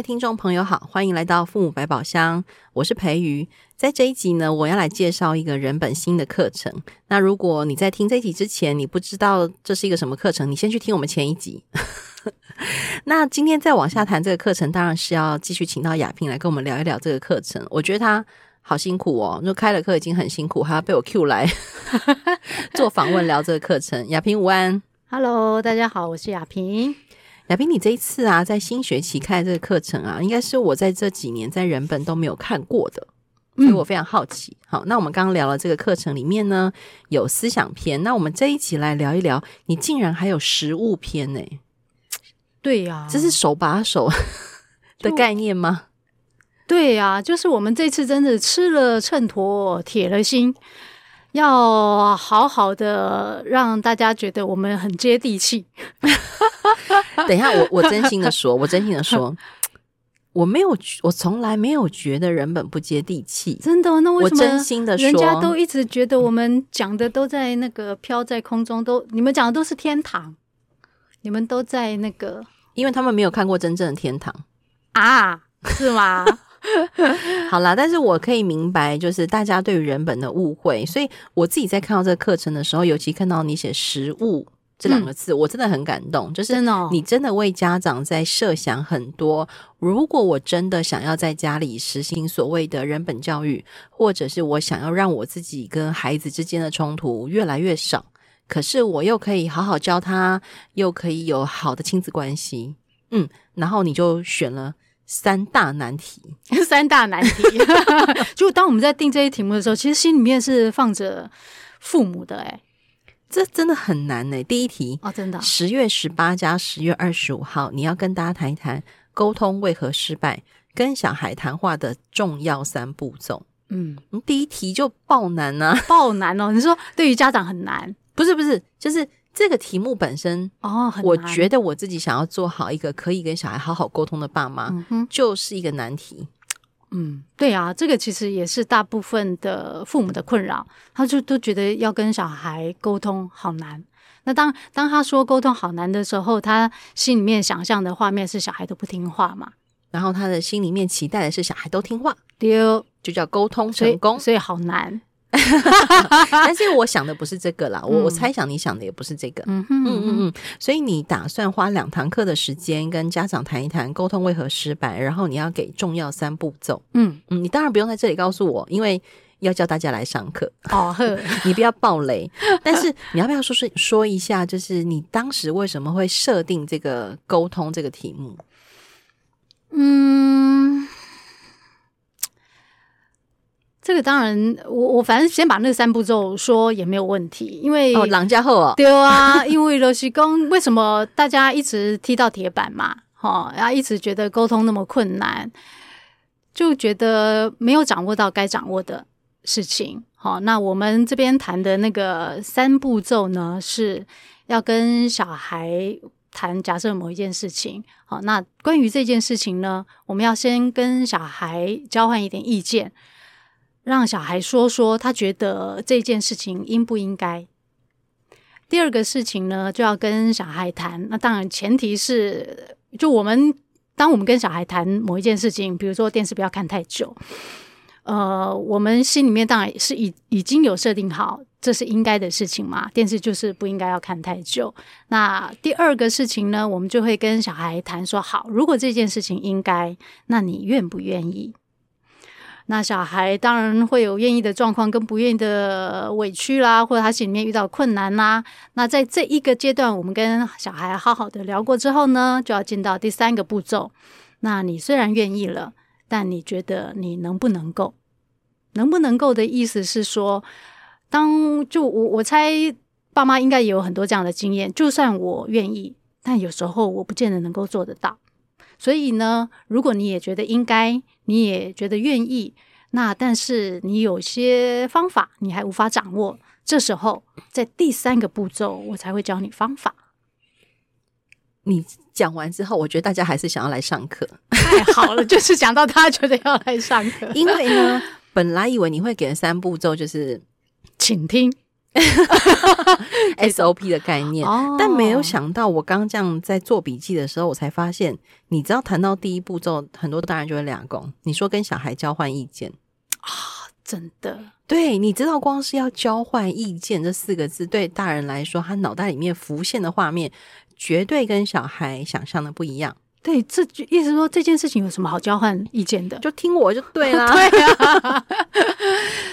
各位聽眾朋友好，歡迎來到父母百寶箱，我是培瑜。在這一集呢，我要來介紹一個人本新的課程。那如果你在聽這一集之前，你不知道這是一個什麼課程，你先去聽我們前一集。 那今天再往下談這個課程，當然是要繼續請到亞萍來跟我們聊一聊這個課程。我覺得她好辛苦哦，就開了課已經很辛苦，還要被我 Q 來 做訪問聊這個課程。亞萍，午安。Hello，大家好，我是亞萍。小兵，你這一次啊，在新學期開這個課程啊，應該是我在這幾年在人本都沒有看過的，所以我非常好奇。嗯、好，那我們剛剛聊了這個課程裡面呢，有思想篇，那我們這一集來聊一聊，你竟然還有實務篇呢、欸？對呀、啊，這是手把手的概念嗎？對呀、啊，就是我們這次真的吃了秤砣鐵了心。要好好的讓大家覺得我們很接地氣。 等一下，我我真心的說，我真心的說，我沒有，我從來沒有覺得人本不接地氣。真的哦？那為什麼？真心的說，人家都一直覺得我們講的都在那個飄在、嗯、在空中，都你們講的都是天堂，你們都在那個，因為他們沒有看過真正的天堂啊？是嗎？ 好啦，但是我可以明白，就是大家對於人本的誤會。所以我自己在看到這個課程的時候，尤其看到你寫“實務”這兩個字，嗯、我真的很感動。就是你真的為家長在設想很多。如果我真的想要在家裡實行所謂的“人本教育”，或者是我想要讓我自己跟孩子之間的衝突越來越少，可是我又可以好好教他，又可以有好的親子關係，嗯，然後你就選了。三大難題， 三大難題。 就當我們在定這一題目的時候，其實心裡面是放着父母的哎、欸，這真的很難誒、欸、第一題哦，真的、哦，十月十八加十月二十五號，你要跟大家談一談溝通為何失敗，跟小孩談話的重要三步驟。嗯，第一題就爆難啊，爆難哦。你說對於家長很難，不是不是，就是。這個題目本身哦，我覺得我自己想要做好一個可以跟小孩好好溝通的爸媽，嗯、哼就是一個難題。嗯，對啊，這個其實也是大部分的父母的困擾，他就都覺得要跟小孩溝通好難。那當當他說溝通好難的時候，他心裡面想象的畫面是小孩都不聽話嘛？然後他的心裡面期待的是小孩都聽話，哦、就叫溝通成功，所以，所以好難。 但是我想的不是這個啦，我、嗯、我猜想你想的也不是這個。嗯哼哼哼嗯嗯嗯，所以你打算花兩堂課的時間跟家長談一談溝通為何失敗，然後你要給重要三步驟。嗯嗯，你當然不用在這裡告訴我，因為要叫大家來上課。好、哦、呵、呵， 你不要爆雷。 但是你要不要說說說一下，就是你當時為什麼會設定這個溝通這個題目？嗯。這個當然，我我反正先把那三步驟說也沒有問題，因為哦，郎家後啊、哦，對啊，因為羅西公為什麼大家一直踢到鐵板嘛，好、哦，然後一直覺得溝通那麼困難，就覺得沒有掌握到該掌握的事情。好、哦，那我們這邊談的那個三步驟呢，是要跟小孩談假設某一件事情。好、哦，那關於這件事情呢，我們要先跟小孩交換一點意見。讓小孩說說他覺得這件事情應不應該。第二個事情呢，就要跟小孩談。那當然前提是，就我們當我們跟小孩談某一件事情，比如說電視不要看太久。呃，我們心裡面當然是已已經有設定好，這是應該的事情嘛。電視就是不應該要看太久。那第二個事情呢，我們就會跟小孩談說：好，如果這件事情應該，那你願不願意？那小孩當然會有願意的狀況跟不願意的委屈啦，或者他心裡面遇到困難啦。那在這一個階段，我們跟小孩好好的聊過之後呢，就要進到第三個步驟。那你雖然願意了，但你覺得你能不能夠？能不能夠的意思是說，當就我我猜爸媽應該也有很多這樣的經驗。就算我願意，但有時候我不見得能夠做得到。所以呢，如果你也覺得應該，你也覺得願意，那但是你有些方法你還無法掌握，這時候在第三個步驟我才會教你方法。你講完之後，我覺得大家還是想要來上課。 太好了，就是講到他覺得要來上課， 因為呢，本來以為你會給的三步驟，就是請聽。 SOP 的概念， 對但沒有想到，我剛這樣在做筆記的時候，哦、我才發現，你知道談到第一步之後，很多大人就會兩光。你說跟小孩交換意見啊、哦？真的？對，你知道光是要交換意見這四個字，對大人來說，他腦袋裡面浮現的畫面，絕對跟小孩想象的不一樣。對，這意思說這件事情有什麼好交換意見的？就聽我就對啦。 對啊。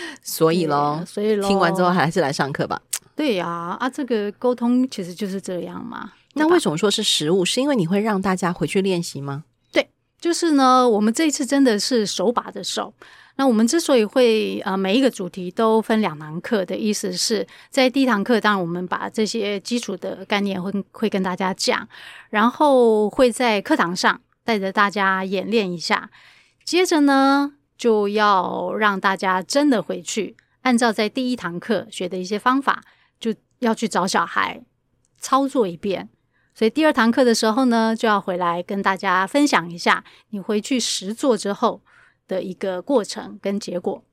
所以咯，所以咯。聽完之後還是來上課吧。對呀，啊，啊，這個溝通其實就是這樣嘛。那為什麼說是實務？吧是因為你會讓大家回去練習嗎？對，就是呢。我們這一次真的是手把着手。那我們之所以會呃每一個主題都分兩堂課的意思是在第一堂課，當然我們把這些基礎的概念會會跟大家講，然後會在課堂上帶着大家演練一下。接着呢。就要讓大家真的回去，按照在第一堂課學的一些方法，就要去找小孩操作一遍。所以第二堂課的時候呢，就要回來跟大家分享一下你回去實做之後的一個過程跟結果。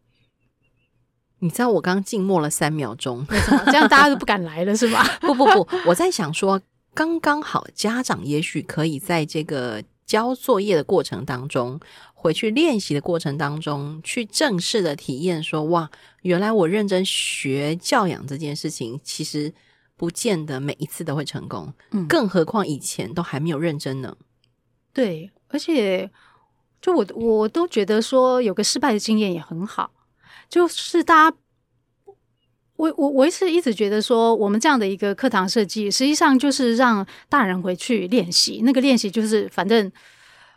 你知道我剛剛靜默了三秒鐘， 這樣大家都不敢來了是吧？ 不不不，我在想說，剛剛好家長也許可以在這個。交作業的過程當中，回去練習的過程當中，去正式的體驗說，說哇，原來我認真學教養這件事情，其實不見得每一次都會成功，嗯，更何況以前都還沒有認真呢。對，而且就我，我都覺得說有個失敗的經驗也很好，就是大家。我我我一直一直覺得說，我們這樣的一個課堂設計，實際上就是讓大人回去練習。那個練習就是，反正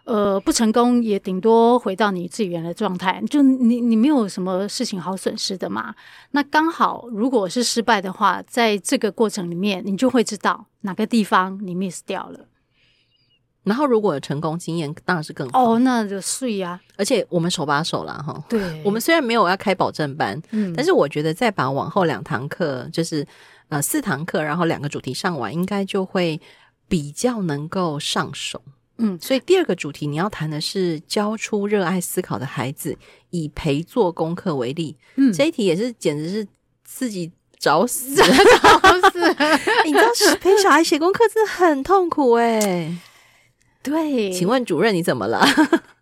呃不成功，也頂多回到你自己原來狀態，就你你沒有什麼事情好損失的嘛。那剛好，如果是失敗的話，在這個過程裡面，你就會知道哪個地方你 miss 掉了。然後，如果有成功經驗，當然是更好哦。Oh, 那就睡呀、啊。而且我們手把手啦。哈。對。我們雖然沒有要開保證班，嗯，但是我覺得再把往後兩堂課，就是呃四堂課，然後兩個主題上完，應該就會比較能夠上手。嗯，所以第二個主題你要談的是教出熱愛思考的孩子。以陪做功課為例，嗯，這一題也是簡直是自己找死， 找死！ 你知道陪小孩寫功課是很痛苦哎、欸。對，請問主任你怎麼了？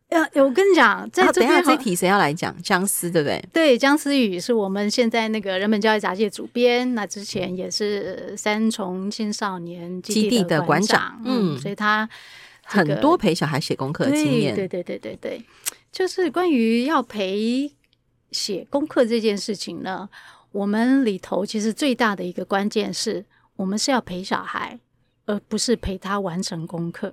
呃、 啊，我跟你講，在這、啊、一這一題誰要來講？江思，對不對？對，江思雨是我們現在那個人本教育雜誌的主編，那之前也是三重青少年基地的館長，館長嗯、嗯所以他、這個、很多陪小孩寫功課的經驗，對對對對對，就是關於要陪寫功課這件事情呢，我們裡頭其實最大的一個關鍵是我們是要陪小孩，而不是陪他完成功課。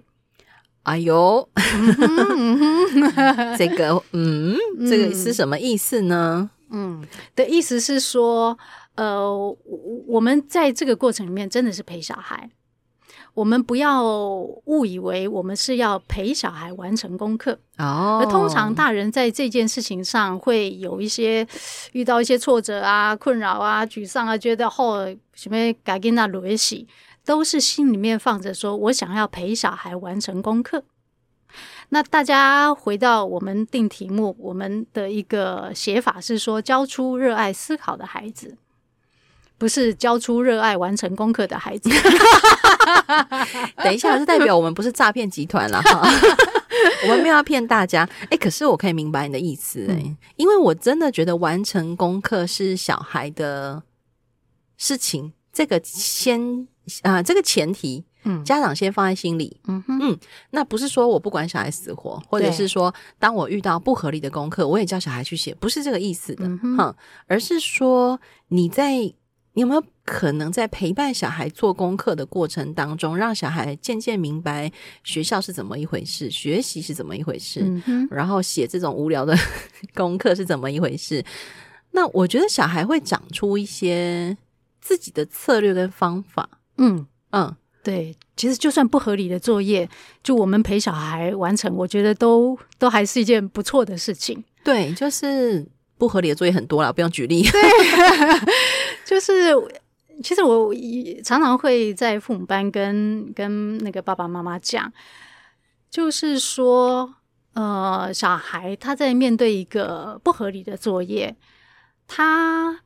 哎呦， 這個嗯，這個是什麼意思呢？嗯，的意思是說，呃，我們在這個過程裡面真的是陪小孩，我們不要誤以為我們是要陪小孩完成功課哦。而通常大人在這件事情上會有一些遇到一些挫折啊、困擾啊、沮喪啊，覺得哦，什麼改。緊拿東西。都是心裡面放着，說我想要陪小孩完成功課。那大家回到我們定題目，我們的一個寫法是說，教出熱愛思考的孩子，不是教出熱愛完成功課的孩子。 等一下，是代表我們不是詐騙集團了哈， 我們沒有要騙大家。哎、欸，可是我可以明白你的意思哎、欸，嗯、因為我真的覺得完成功課是小孩的事情，這個先。啊、呃，這個前提，嗯，家長先放在心裡，嗯，嗯，嗯，那不是說我不管小孩死活，或者是說，當我遇到不合理的功課，我也叫小孩去寫，不是這個意思的，哈、嗯哼，而是說你在，你有沒有可能在陪伴小孩做功課的過程當中，讓小孩漸漸明白學校是怎麼一回事，學習是怎麼一回事，嗯、哼然後寫這種無聊的 功課是怎麼一回事？那我覺得小孩會長出一些自己的策略跟方法。嗯嗯，對，其實就算不合理的作業，就我們陪小孩完成，我覺得都都還是一件不錯的事情。對，就是不合理的作業很多啦，不用舉例。 對，就是其實我，其實我常常會在父母班跟跟那個爸爸媽媽講，就是說，呃，小孩他在面對一個不合理的作業，他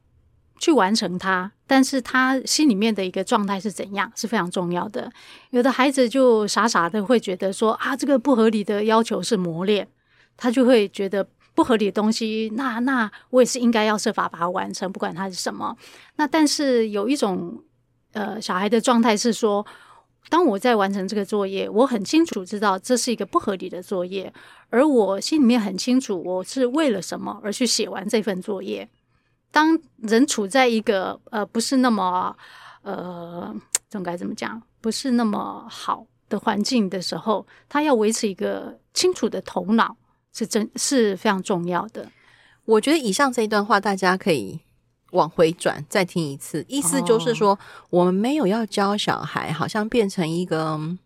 去完成它。但是他心裡面的一個狀態是怎樣，是非常重要的。有的孩子就傻傻的會覺得說啊，這個不合理的要求是磨練，他就會覺得不合理的東西，那那我也是應該要設法把它完成，不管它是什麼。那但是有一種呃小孩的狀態是說，當我在完成這個作業，我很清楚知道這是一個不合理的作業，而我心裡面很清楚我是為了什麼而去寫完這份作業。當人處在一個呃不是那麼，呃總該怎麼講，不是那麼好的環境的時候，他要維持一個清楚的頭腦是真是非常重要的。我覺得以上這一段話大家可以往回轉再聽一次，意思就是說、oh. 我們沒有要教小孩，好像變成一個嗯、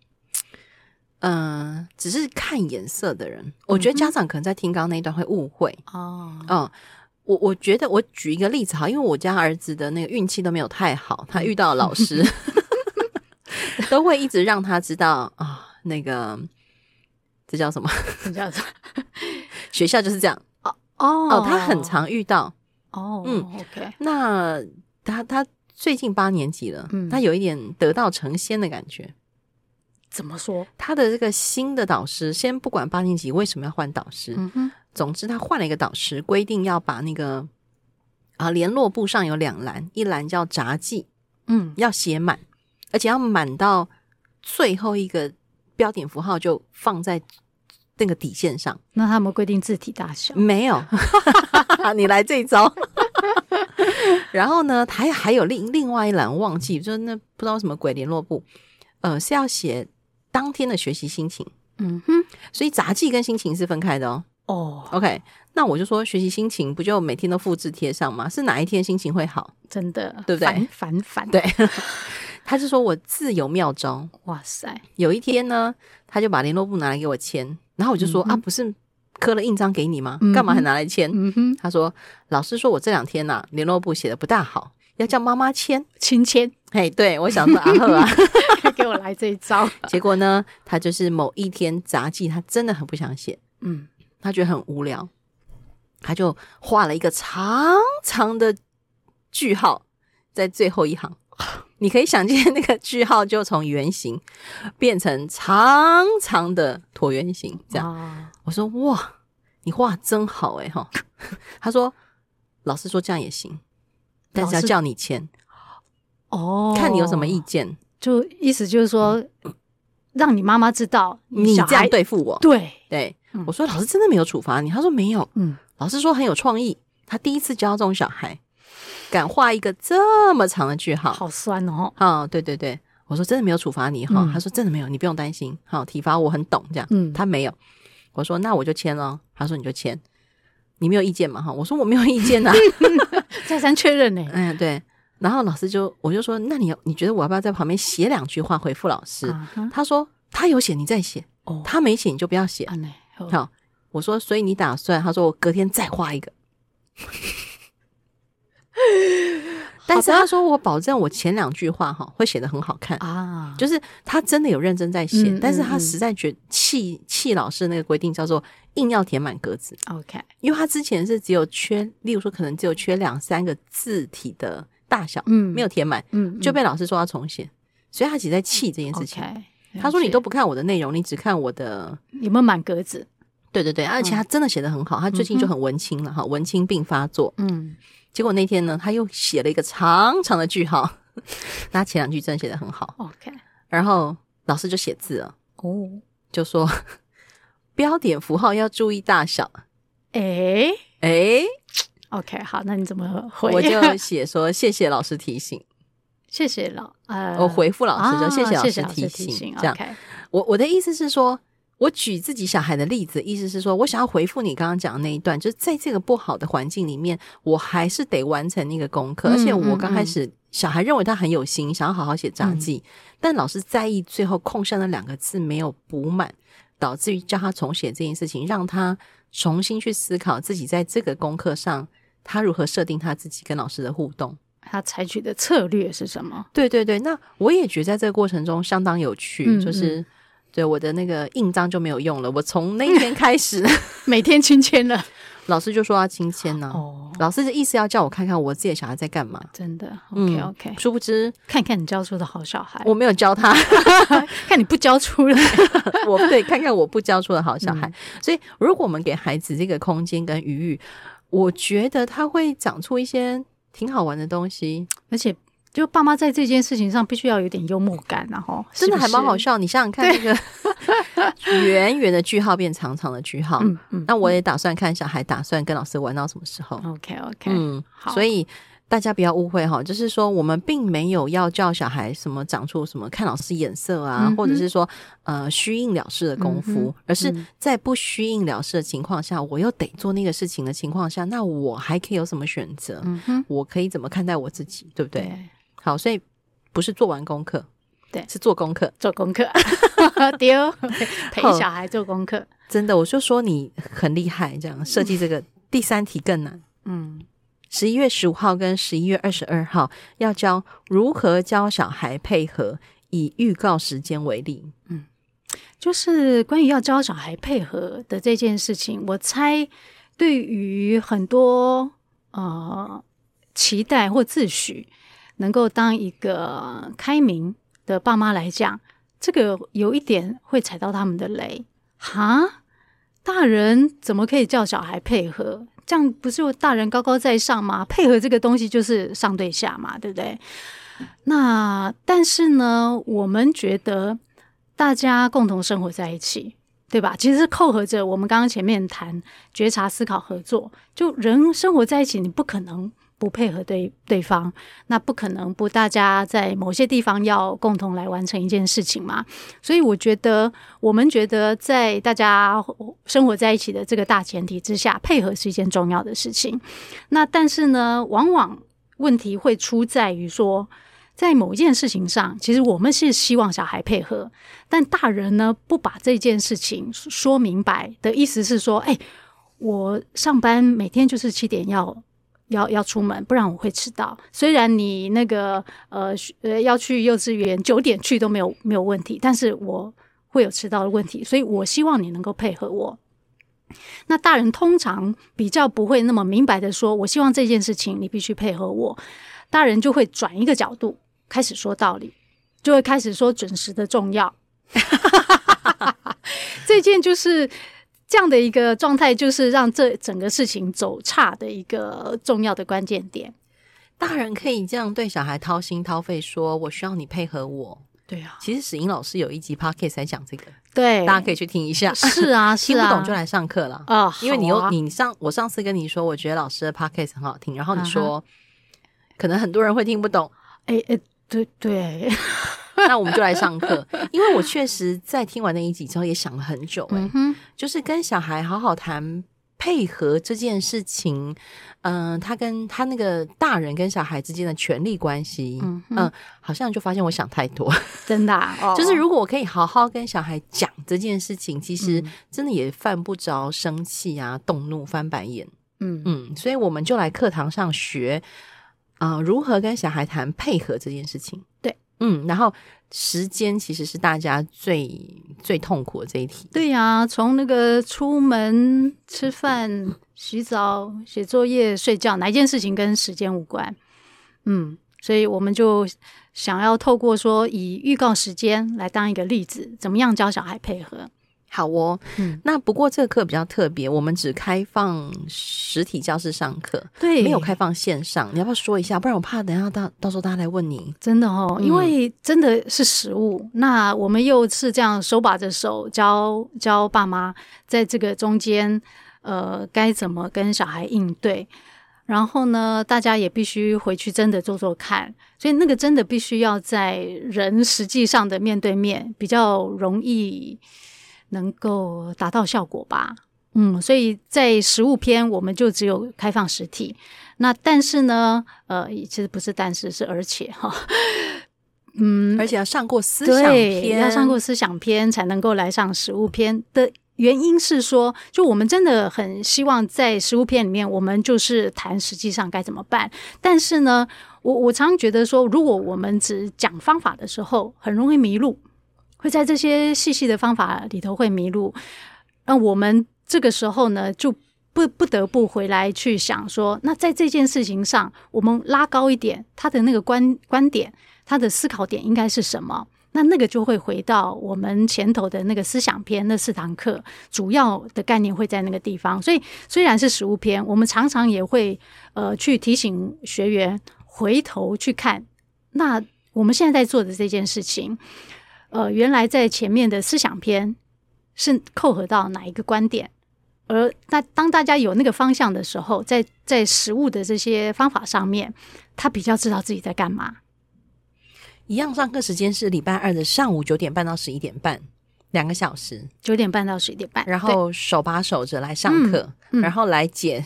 呃，只是看顏色的人。我覺得家長可能在聽剛剛那一段會誤會哦，oh. 嗯。我我覺得我舉一個例子哈，因為我家兒子的那個運氣都沒有太好，他遇到老師 都會一直讓他知道啊、哦，那個這叫什麼？這叫什麼？ 學校就是這樣哦哦，哦，哦，他很常遇到哦。嗯，OK，那他他最近八年級了，嗯，他有一點得道成仙的感覺。怎麼說？他的這個新的導師，先不管八年級為什麼要換導師，嗯、哼總之他換了一個導師，規定要把那個啊聯絡簿上有兩欄，一欄叫札記，嗯，要寫滿，而且要滿到最後一個標點符號就放在那個底線上。那他們規定字體大小沒有？ 你來這一招。 然後呢，還還有另另外一欄忘記，就那不知道什麼鬼聯絡簿，呃，是要寫。當天的學習心情，嗯哼，所以雜技跟心情是分開的哦。哦、oh.，OK，那我就說，學習心情不就每天都複製貼上嗎？是哪一天心情會好？真的，對不對？反反，反對， 他是說我自有妙招。哇塞，有一天呢，他就把聯絡簿拿來給我簽，然後我就說、嗯、哼啊，不是刻了印章給你嗎？幹嘛還拿來簽？嗯哼，他說老師說我這兩天吶、啊、聯絡簿寫得不大好。要叫媽媽簽親簽，嘿、hey,，對我想說阿赫啊， 呵呵給我來這一招。 結果呢，他就是某一天雜技，他真的很不想寫，嗯，他覺得很無聊，他就畫了一個長長的句號在最後一行。 你可以想見，那個句號就從圓形變成長長的橢圓形。這樣，哇我說哇，你畫真好誒，哈。 他說，老師說這樣也行。但是要叫你簽哦，看你有什麼意見。就意思就是說，讓你媽媽知道你這樣對付我。對對，我說老師真的沒有處罰你，他說沒有。嗯，老師說很有創意，他第一次教這種小孩敢畫一個這麼長的句號，好酸哦。啊，對對對，我說真的沒有處罰你哈，他說真的沒有，你不用擔心。哦，體罰我很懂這樣，嗯，他沒有。我說那我就簽囉，他說你就簽，你沒有意見嘛哈？我說我沒有意見吶。再三確認呢、欸？嗯、哎，對。然後老師就，我就說，那你你覺得我要不要在旁邊寫兩句話回復老師？Uh huh. 他說他有寫，你再寫；Oh. 他沒寫，你就不要寫。Uh huh. 好，我說，所以你打算？他說我隔天再畫一個。Uh huh. 但是他說：“我保證，我前兩句話哈會寫得很好看啊，就是他真的有認真在寫。但是他實在覺得氣氣老師那個規定叫做硬要填滿格子。OK，因為他之前是只有缺，例如說可能只有缺兩三個字體的大小，嗯，沒有填滿，嗯，就被老師說要重寫。所以他只在氣這件事情。他說你都不看我的內容，你只看我的有沒有滿格子。對對對，而且他真的寫得很好，他最近就很文青了哈，文青病發作，嗯。”結果那天呢，他又寫了一個長長的句號。 他前兩句真的寫的很好，OK。然後老師就寫字了，哦，oh. 就說 標點符號要注意大小。哎哎、eh? eh?，OK，好，那你怎麼回？我就寫說謝謝老師提醒， 謝謝老，呃，我回覆老師就謝謝老師提醒，啊、謝謝老師提醒這樣。OK。我我的意思是說。我舉自己小孩的例子，意思是說，我想要回復你剛剛講的那一段，就是在這個不好的環境裡面，我還是得完成那個功課。嗯、而且我剛開始，嗯嗯、小孩認為他很有心，想要好好寫札記，嗯、但老師在意最後空下那兩個字沒有補滿，導致於叫他重寫這件事情，讓他重新去思考自己在這個功課上，他如何設定他自己跟老師的互動，他採取的策略是什麼？對對對，那我也覺得在這個過程中相當有趣，嗯嗯就是。對我的那個印章就沒有用了。我從那一天開始 每天親簽了，老師就說要親簽呢、啊。哦、老師的意思要叫我看看我自己的小孩在幹嘛。真的、嗯、OK OK。殊不知，看看你教出的好小孩，我沒有教他， 看你不教出來。 我對，看看我不教出的好小孩。嗯、所以，如果我們給孩子這個空間跟餘裕，我覺得他會長出一些挺好玩的東西，而且。就爸媽在這件事情上必須要有點幽默感、啊，然後真的還蠻好笑。你想想看對，那 個圓圓的句號變長長的句號。嗯嗯。嗯那我也打算看小孩，打算跟老師玩到什麼時候？OK OK。嗯。好。所以大家不要誤會哈，就是說我們並沒有要叫小孩什麼長出什麼看老師眼色啊，嗯、哼或者是說呃虛應了事的功夫，嗯、哼而是在不虛應了事的情況下，我又得做那個事情的情況下，那我還可以有什麼選擇？嗯哼我可以怎麼看待我自己？對不對？對好，所以不是做完功課，對，是做功課，做功課丟、啊 okay, 陪小孩做功課，真的，我就說你很厲害，這樣設計這個第三題更難。嗯，十一月十五號跟十一月二十二號要教如何教小孩配合，以預告時間為例。嗯，就是關於要教小孩配合的這件事情，我猜對於很多呃期待或自詡。能夠當一個開明的爸媽來講，這個有一點會踩到他們的雷。哈？大人怎麼可以叫小孩配合？這樣不是大人高高在上嗎？配合這個東西就是上對下嘛，對不對？嗯。那但是呢，我們覺得大家共同生活在一起，對吧？其實是扣合着我們剛剛前面談覺察、思考、合作，就人生活在一起，你不可能。不配合對對方，那不可能不大家在某些地方要共同來完成一件事情嘛。所以我覺得，我們覺得在大家生活在一起的這個大前提之下，配合是一件重要的事情。那但是呢，往往問題會出在於說，在某一件事情上，其實我們是希望小孩配合，但大人呢，不把這件事情說明白的意思是說，欸，我上班每天就是七點要，要要出門，不然我會遲到。雖然你那個呃要去幼稚園，九點去都沒有沒有問題，但是我會有遲到的問題，所以我希望你能夠配合我。那大人通常比較不會那麼明白的說，我希望這件事情你必須配合我，大人就會轉一個角度開始說道理，就會開始說準時的重要。 這件就是。這樣的一個狀態，就是讓這整個事情走岔的一個重要的關鍵點。大人可以這樣對小孩掏心掏肺說：“我需要你配合我。”對啊，其實史英老師有一集 Podcast 來講這個，對，大家可以去聽一下。是啊，是啊 聽不懂就來上課了啊！因為你又……你上我上次跟你說，我覺得老師的 Podcast 很好聽，然後你說、嗯、哼可能很多人會聽不懂。哎哎，對對。 那我們就來上課，因為我確實在聽完那一集之後也想了很久，欸、嗯、哼就是跟小孩好好談配合這件事情。嗯、呃，他跟他那個大人跟小孩之間的權力關係，嗯，哼嗯，好像就發現我想太多，真的，啊。Oh. 就是如果我可以好好跟小孩講這件事情，其實真的也犯不着生氣啊、動怒、翻白眼。嗯嗯，所以我們就來課堂上學啊、呃，如何跟小孩談配合這件事情。對。嗯，然後時間其實是大家最最痛苦的這一題。對呀，從那個出門、吃飯、洗澡、寫作業、睡覺，哪一件事情跟時間無關？嗯，所以我們就想要透過說以預告時間來當一個例子，怎麼樣教小孩配合。好哦，嗯、那不過這個課比較特別，我們只開放實體教室上課，對，沒有開放線上。你要不要說一下？不然我怕等一下到到時候大家來問你，真的哦，嗯、因為真的是實務。那我們又是這樣手把着手教教爸媽，在這個中間，呃，該怎麼跟小孩應對？然後呢，大家也必須回去真的做做看。所以那個真的必須要在人實際上的面對面，比較容易能夠達到效果吧，嗯，所以在實務篇我們就只有開放實體。那但是呢，呃，其實不是但是，是而且哈，嗯，而且要上過思想篇。對，要上過思想篇才能夠來上實務篇的原因是說，就我們真的很希望在實務篇裡面，我們就是談實際上該怎麼辦。但是呢，我我常常覺得說，如果我們只講方法的時候，很容易迷路。會在這些細細的方法裡頭會迷路，那我們這個時候呢，就不不得不回來去想說，那在這件事情上，我們拉高一點他的那個觀觀點，他的思考點應該是什麼？那那個就會回到我們前頭的那個思想篇，那四堂課主要的概念會在那個地方，所以雖然是實務篇，我們常常也會呃去提醒學員回頭去看，那我們現在在做的這件事情。呃，原來在前面的思想篇是扣合到哪一個觀點？而大當大家有那個方向的時候，在在實務的這些方法上面，他比較知道自己在幹嘛。一樣，上課時間是禮拜二的上午九點半到十一點半，兩個小時。九點半到十一點半，然後手把手着來上課，嗯嗯、然後來解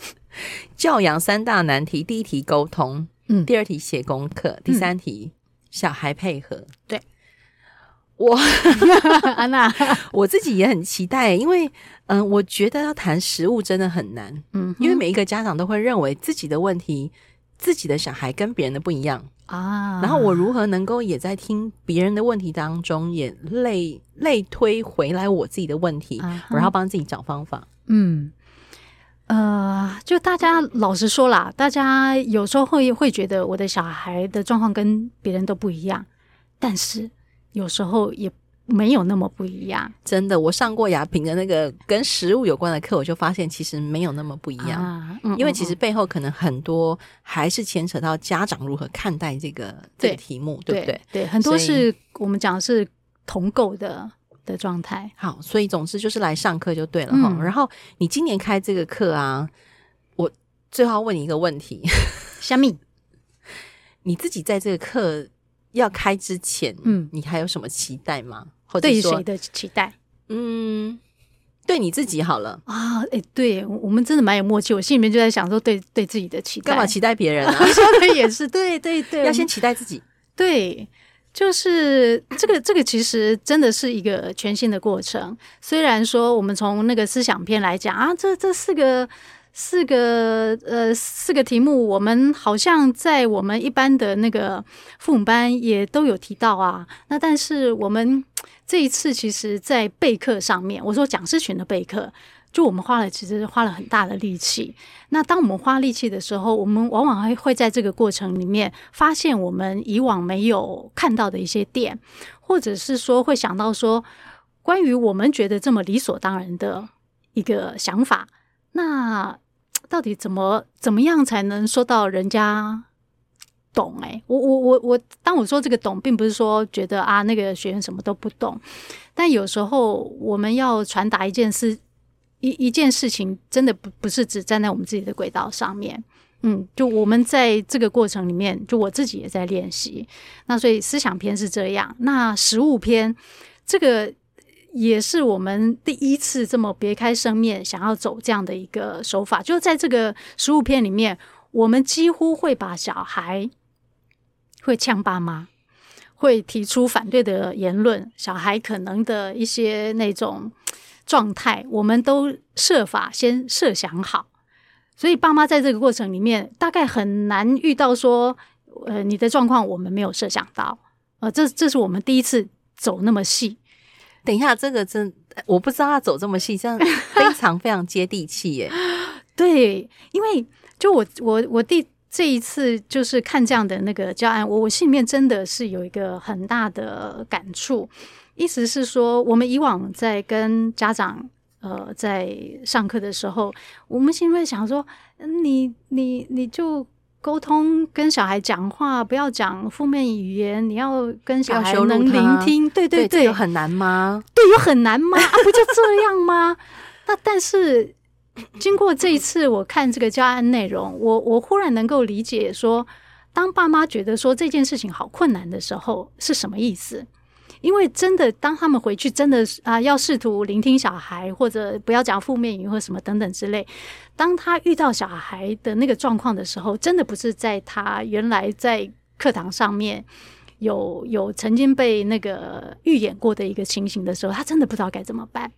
教養三大難題：第一題溝通，嗯，第二題寫功課，第三題、嗯、小孩配合，對。我安娜， 我自己也很期待，因為嗯、呃，我覺得要談實務真的很難，嗯哼，因為每一個家長都會認為自己的問題、自己的小孩跟別人的不一樣啊。然後我如何能夠也在聽別人的問題當中也類類推回來我自己的問題，啊、哈然後幫自己找方法？嗯，呃，就大家老實說啦，大家有時候會會覺得我的小孩的狀況跟別人都不一樣，但是。有時候也沒有那麼不一樣，真的。我上過雅萍的那個跟食物有關的課，我就發現其實沒有那麼不一樣，啊、嗯嗯嗯，因為其實背後可能很多還是牽扯到家長如何看待這個對這個題目，對不對？對、對，很多是以我們講的是同構的的狀態。好，所以總之就是來上課就對了哈。嗯、然後你今年開這個課啊，我最後要問你一個問題，蝦米麼， 你自己在這個課。要開之前，嗯，你還有什麼期待嗎？嗯、或者說對誰的期待，嗯，對你自己好了啊！哎、欸，對我們真的蠻有默契。我心裡面就在想說，對，對對自己的期待，幹嘛期待別人啊？說的 也是，對對對，對要先期待自己。嗯、對，就是這個這個，這個、其實真的是一個全新的過程。雖然說我們從那個思想篇來講啊，這這四個。四個呃、四個題目，我們好像在我們一般的那個父母班，也都有提到啊。那但是我們這一次，其實在備課上面，我說講師群的備課，就我們花了，其實花了很大的力氣。那當我們花力氣的時候，我們往往會會在這個過程裡面發現我們以往沒有看到的一些點，或者是說會想到說關於我們覺得這麼理所當然的一個想法，那。到底怎麼怎麼樣才能說到人家懂？欸？哎，我我我我，當我說這個懂，並不是說覺得啊，那個學員什麼都不懂，但有時候我們要傳達一件事，一一件事情，真的不不是只站在我們自己的軌道上面。嗯，就我們在這個過程裡面，就我自己也在練習。那所以思想篇是這樣，那實務篇這個。也是我們第一次這麼別開生面，想要走這樣的一個手法。就在這個十五篇裡面，我們幾乎會把小孩會嗆爸媽，會提出反對的言論，小孩可能的一些那種狀態，我們都設法先設想好。所以爸媽在這個過程裡面，大概很難遇到說，呃，你的狀況我們沒有設想到。呃，這這是我們第一次走那麼細。等一下，這個真我不知道他走這麼細，這樣非常非常接地氣耶！ 對，因為就我我我第這一次就是看這樣的那個教案，我我心裡面真的是有一個很大的感觸。意思是說，我們以往在跟家長呃在上課的時候，我們心裡面想說，你你你就。溝通跟小孩講話，不要講負面語言。你要跟小孩能聆聽，對對對，對，這個很難嗎？對，有很難嗎？啊、不就這樣嗎？ 那但是經過這一次，我看這個教案內容，我我忽然能夠理解說，說當爸媽覺得說這件事情好困難的時候，是什麼意思？因為真的，當他們回去，真的啊，要試圖聆聽小孩，或者不要講負面語或什麼等等之類。當他遇到小孩的那個狀況的時候，真的不是在他原來在課堂上面有有曾經被那個預演過的一個情形的時候，他真的不知道該怎麼辦。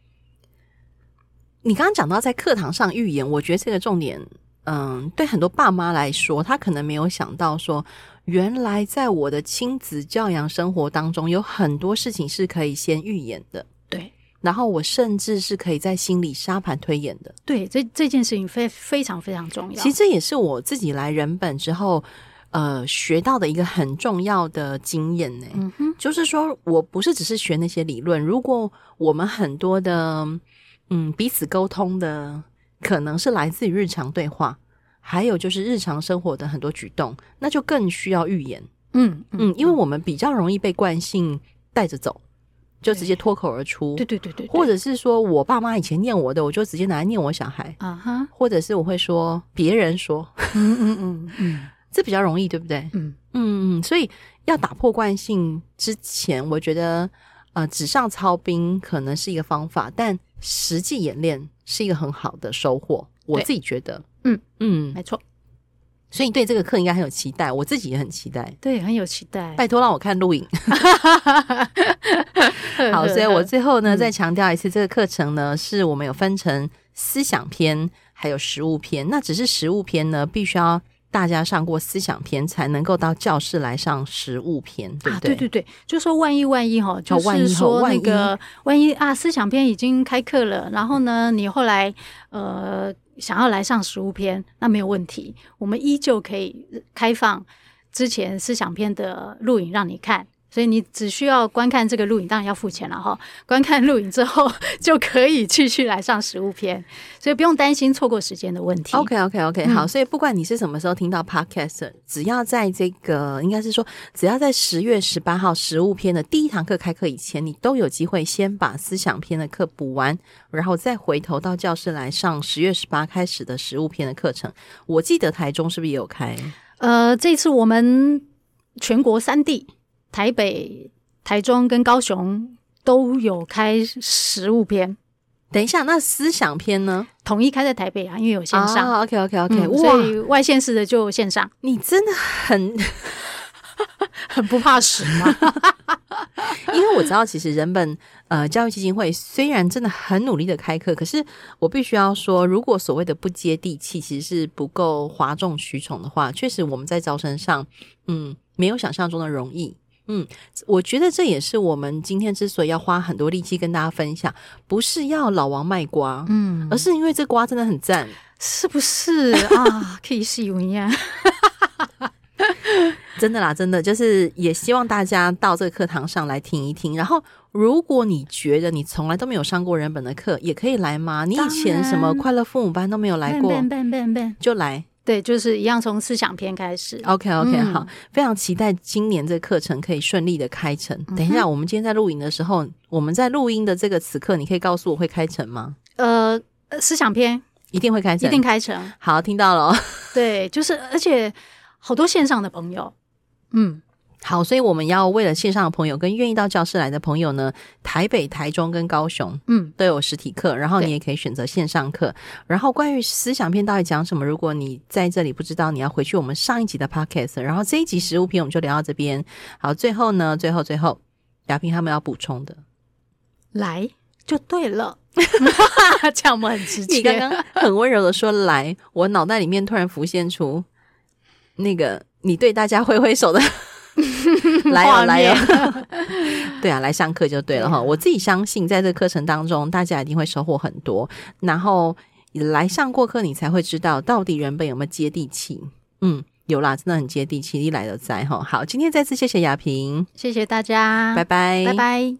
你剛剛講到在課堂上預演，我覺得這個重點。嗯，對很多爸媽來說，他可能沒有想到說，原來在我的親子教養生活當中，有很多事情是可以先預演的。對，然後我甚至是可以在心裡沙盤推演的。對，這這件事情非非常非常重要。其實這也是我自己來人本之後，呃，學到的一個很重要的經驗呢。嗯哼，就是說我不是只是學那些理論，如果我們很多的，嗯，彼此溝通的。可能是來自於日常對話，還有就是日常生活的很多舉動，那就更需要預演。嗯嗯，嗯，因為我們比較容易被慣性帶着走，對就直接脫口而出。對對對對，或者是說我爸媽以前念我的，我就直接拿來念我小孩啊哈，uh huh、或者是我會說別人說，嗯 嗯嗯，嗯嗯這比較容易，對不對？嗯嗯嗯，所以要打破慣性之前，我覺得呃紙上操兵可能是一個方法，但。實際演練是一個很好的收穫，對我自己覺得，嗯嗯，嗯沒錯錯。所以你對這個課應該很有期待，我自己也很期待，對，很有期待。拜託讓我看錄影。好，所以我最後呢再強調一次， 這個課程呢是我們有分成思想篇還有實務篇，那只是實務篇呢必須要。大家上過思想篇才能夠到教室來上實務篇，對不對？啊，對對對，就說萬一萬一哈，就是說那個萬一啊，思想篇已經開課了，然後呢，你後來呃想要來上實務篇，那沒有問題，我們依舊可以開放之前思想篇的錄影讓你看。所以你只需要觀看這個錄影，當然要付錢了哈。觀看錄影之後，就可以繼續來上實務篇，所以不用擔心錯過時間的問題。OK OK OK，嗯，好，所以不管你是什麼時候聽到 Podcast，只要在這個應該是說，只要在十月十八號實務篇的第一堂課開課以前，你都有機會先把思想篇的課補完，然後再回頭到教室來上十月十八開始的實務篇的課程。我記得台中是不是也有開？呃，這次我們全國三地。台北、台中跟高雄都有開實務篇。等一下，那思想篇呢？統一開在台北啊，因為有線上。OK，OK，OK。所以外線式的就線上。你真的很 很不怕死嗎？ 因為我知道，其實人本呃教育基金會雖然真的很努力的開課，可是我必須要說，如果所謂的不接地氣，其實是不夠譁眾取寵的話，確實我們在招生上，嗯，沒有想象中的容易。嗯，我覺得這也是我們今天之所以要花很多力氣跟大家分享，不是要老王賣瓜，嗯，而是因為這瓜真的很讚，是不是啊？ 可以試一下， 真的啦，真的就是也希望大家到這個課堂上來聽一聽。然後，如果你覺得你從來都沒有上過人本的課，也可以來嗎？然你以前什麼快樂父母班都沒有來過，便便便便便就來。對，就是一樣，從思想篇開始。OK，OK，okay, okay, 好，嗯、非常期待今年這課程可以順利的開成。等一下，我們今天在錄影的時候，我們在錄音的這個此刻，你可以告訴我會開成嗎？呃，思想篇一定會開成，一定開成。好，聽到了、喔。對，就是，而且好多線上的朋友，嗯。好，所以我們要為了線上的朋友跟願意到教室來的朋友呢，台北、台中跟高雄，嗯，都有實體課，嗯、然後你也可以選擇線上課。對然後關於思想篇到底講什麼，如果你在這裡不知道，你要回去我們上一集的 podcast。然後這一集實務篇我們就聊到這邊。好，最後呢，最後最後，亞萍他們要補充的，來就對了，哈哈哈，這樣我們很直接， 你剛剛很溫柔的說來，我腦袋裡面突然浮現出那個你對大家揮揮手的。 畫面 來呀，哦，來呀、哦， 對啊，來上課就對了哈。對我自己相信，在這個課程當中，大家一定會收穫很多。然後來上過課，你才會知道到底原本有沒有接地氣。嗯，有啦，真的很接地氣，你來得在哈。好，今天再次謝謝亞萍，謝謝大家，拜拜 bye，拜拜。